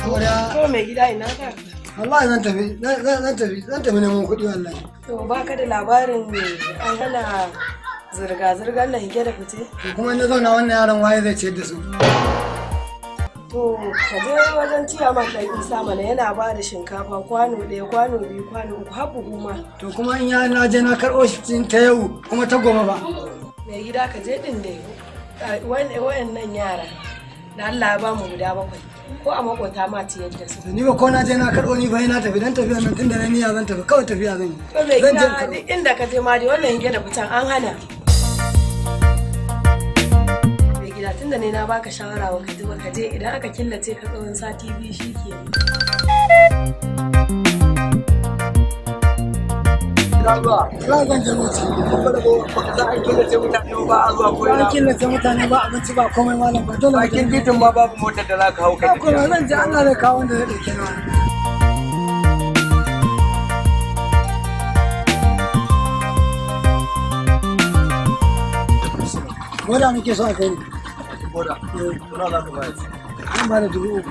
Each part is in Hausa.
Saboda. mai gida ina ka? Wallahi zan tafi zan tafi zan tafi neman kuɗi wallahi. To baka da labarin an hana zirga-zirgar nan ke da fice? Kuma ina zauna wannan yaron waye zai ciyar da su. To ka je wajen ciya man ɗan isa mana yana ba da shinkafa kwano ɗaya kwano biyu kwano uku har buhu ma. To kuma in ya na je na karɓo shi ta yau kuma ta goma ba. Mai gida ka je ɗin da yau. Wa'annan yara da Allah ya ba mu guda bakwai. ko a makota ma ta yadda su ni ba ko na je na karɓo ni bai na tafi dan tafiya nan tunda na niyya zan tafi kawai tafiya zan yi zan je duk inda ka je ma dai wannan hige da fitan an hana me gida tunda ne na baka shawara wa ka je idan aka killace ka tsawon sati biyu shi ke shikenan Ba zan je Za a killace mutane ba a zuwa Ba abinci ba komai ba dole. Bakin titin ma babu motar da za ka hau kai. zan Allah kawo zai Boda nake so a kai ne. Boda. Boda eh. za ka bayar. ba da dubu uku.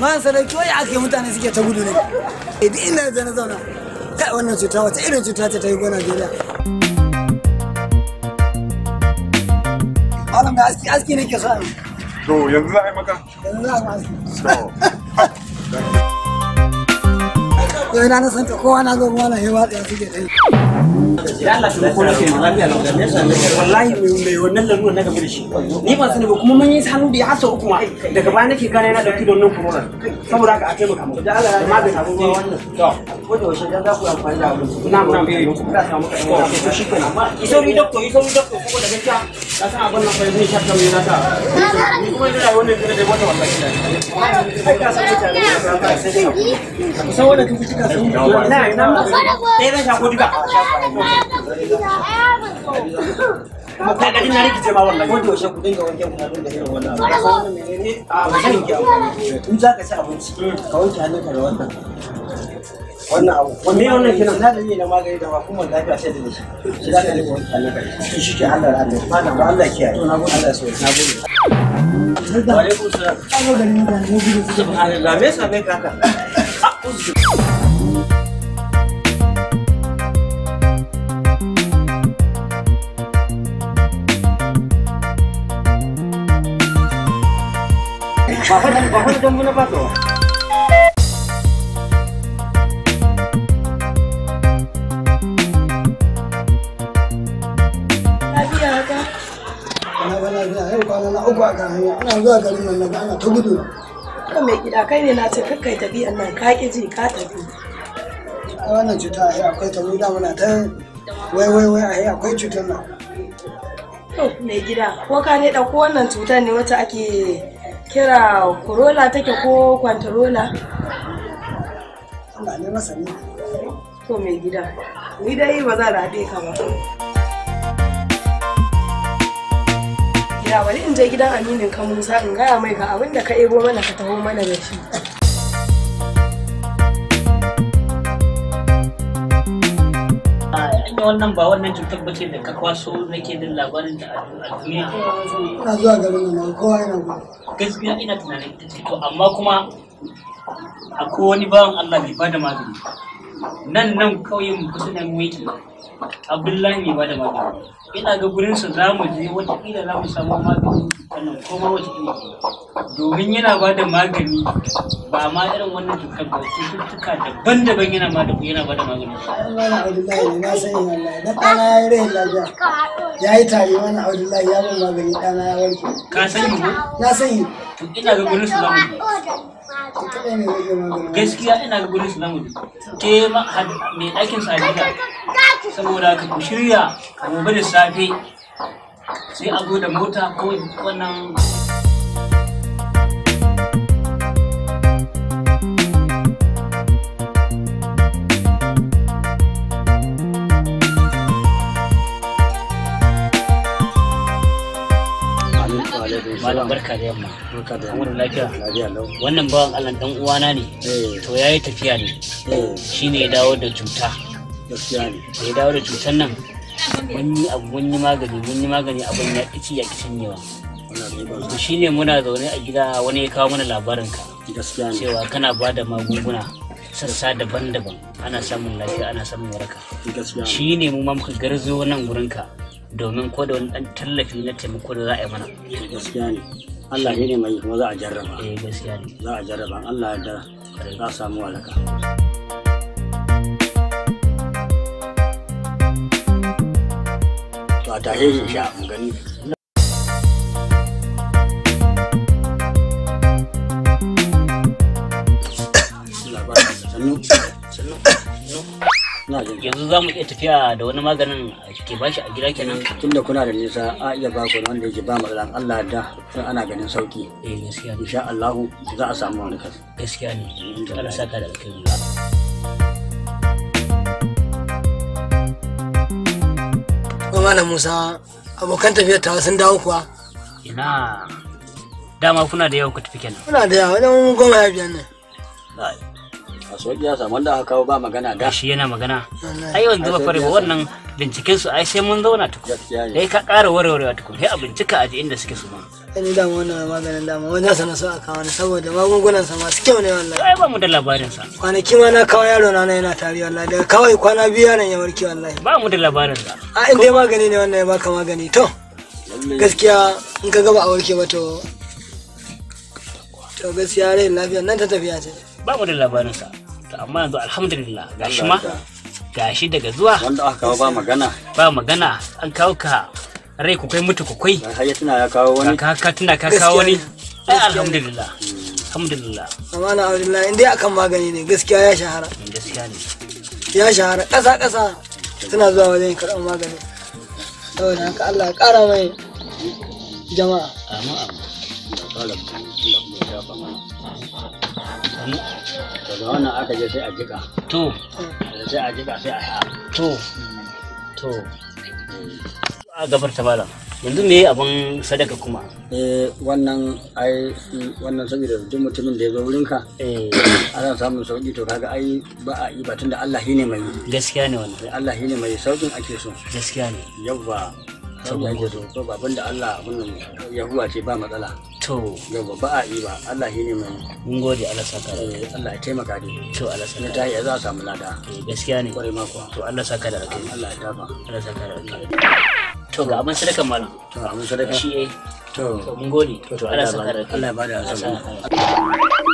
man sadauki wai ake mutane suke ta gudu ne idan ina da na zauna kai wannan cuta wata irin cuta ce ta yi gona Najeriya alam ga aski aski ne ke so to yanzu za a yi maka yanzu za a yi aski daga ina na ta kowa na zo kuma na hewa ɗaya suke ta yi. wallahi mai wannan na da shi ni sani ba kuma mun yi hannu da hasa uku ma daga baya nake gane na a taimaka mu da Allah ya magana ruwa wannan to da ku amfani da na mun ku da samu shi kenan doctor doctor ko da gaskiya kasa abin nan fai zai shakka mai nasa ni kuma ina rayuwar ne kada da wata wata kila ai ka san mutane san wanda kuka cika sun na ina dai zan shako duka kuma ka gadi na rikice ma wallahi wanda yaushe ku dinga wanke kuna da irin wannan a ba zan yi in za ka ci abinci ka wanke hannunka da wannan wannan abu wani yau nan kiran zaka yi na magani da hukumar lafiya sai da shi shi zaka rika wani kai shi shi Allah Allah malam ba Allah kiyaye to na gode Allah so na gode wa alaikum dan ba dan mun ba to uku a kan hanya ana zuwa garin nan naga ana ta gudu to mai gida kai ne na ce kakkai tafiyan nan ka ki ji ka tafi a wannan cuta a akwai ta da muna ta wai wai wai a akwai cutar nan to mai gida ko ka ne ɗauko wannan cutar ne wata ake kira corona take ko kwantarola Allah ne masani to mai gida ni dai ba za a rabe ka ba Ya bari in je gidan aminin ka Musa in gaya mai ga abin da ka ebo mana ka taho mana da shi. Anya ah, wannan ba wannan cutar ce da ka kwaso nake jin labarin da a duniya. Ina zuwa garin nan kowa yana gudu. Gaskiya ina tunanin ta to amma kuma akwai wani bawan Allah bai bada magani. nan nan kauyen mu kusa da mu abdullahi ne ba da magani ina ga gurin su za mu je watakila za mu samu magani wannan ko ma watakila domin yana ba da magani ba ma irin wannan cutar ba cututtuka daban-daban yana ma da yana ba da magani wani abdullahi na san yana na ɗana ya rai lafiya ya yi tari wani abdullahi ya ba magani ɗana ya warke ka sani ko na sani ina ga gurin su za mu je gaskiya ina da gurin su zamu ke mai ɗakin sadiya saboda ka shirya gobe da safe sai a zo da mota ko wannan barka da yamma barka da yamma lafiya lafiya lau wannan bawan Allah dan uwana ne eh. to yayi tafiya ne eh. shine ya dawo da cuta gaskiya ne ya dawo da cutar nan mun yi abu mun yi magani mun yi magani abun ya kici ya kicin yawa to shine muna zaune a gida wani ya kawo mana labarin ka gaskiya ne cewa kana ba da magunguna sassa daban-daban ana samun lafiya ana samun waraka gaskiya ne mu ma muka garzo nan gurinka domin ko da wani dan tallafi na taimako da za a yi mana Allah ne mai kuma za a jarraba eh gaskiya ne za a jarraba Allah ya za a samu alaka to a tahe shi sha mu gani sannu sannu sannu yanzu za mu iya tafiya da wani maganin ke ba shi a gida kenan eh, da kuna da nisa a iya ba ku wanda yake ba matsalan Allah da sun ana ganin sauki eh gaskiya insha Allah za a samu wani kasu gaskiya ne Allah saka da alkhairi Malam Musa abokan tafiya ta sun dawo kuwa ina dama kuna da yau ku tafi kenan kuna da yawa wajen goma ya biyan nan a sauki ya samu wanda aka kawo ba magana da shi yana magana ai yanzu ba fare wannan binciken su ai sai mun zauna tukun dai ka ƙara warwarewa tukun sai a bincika a ji inda suke su ma ni da wannan maganin dama wanda sana so a kawo ni saboda magungunan sa masu kyau ne wallahi ai ba mu da labarin sa kwanaki ma na kawo yaro na yana tari wallahi da kawai kwana biyu yaron ya warke wallahi ba mu da labarin sa a inda magani ne wannan ya baka magani to gaskiya in ka gaba a warke ba to to gaskiya rai lafiya nan ta tafiya ce babu da labarinsa to amma yanzu alhamdulillah ga shi ma ga shi daga zuwa wanda aka kawo ba magana ba magana an kawo ka rai ku kai mutu ku kai ya tuna ya kawo wani ka ka tuna ka kawo wani ai alhamdulillah alhamdulillah amana na alhamdulillah indai akan magani ne gaskiya ya shahara gaskiya ne ya shahara kasa kasa tana zuwa wajen karɓar magani saboda haka Allah ya ƙara mai jama'a amma amma Allah ya amin amin raba hmm? daga wannan aka je sai a jika to sai a jika sai a sha to hmm. to a gabar ta bala yanzu me abin sadaka kuma eh, wannan ai wannan saboda duk mutumin da ya zo wurinka eh ana samun sauki to kaga ai ba a yi batun da Allah shine mai gaskiya ne wannan Allah shine mai saukin ake so gaskiya ne yawwa sauya ake to babban da Allah wannan yahuwa ce ba matsala to yawa ba a yi ba Allah shine mai mun gode Allah saka da eh, Allah ya taimaka dai to Allah saka ta yi za a samu lada eh, gaskiya ne kwarai ma kuwa to Allah saka da kai Allah ya dafa Allah saka da kai eh. to ga abin sadaka malam to abin sadaka shi eh to mun gode to Allah saka da kai Allah ya bada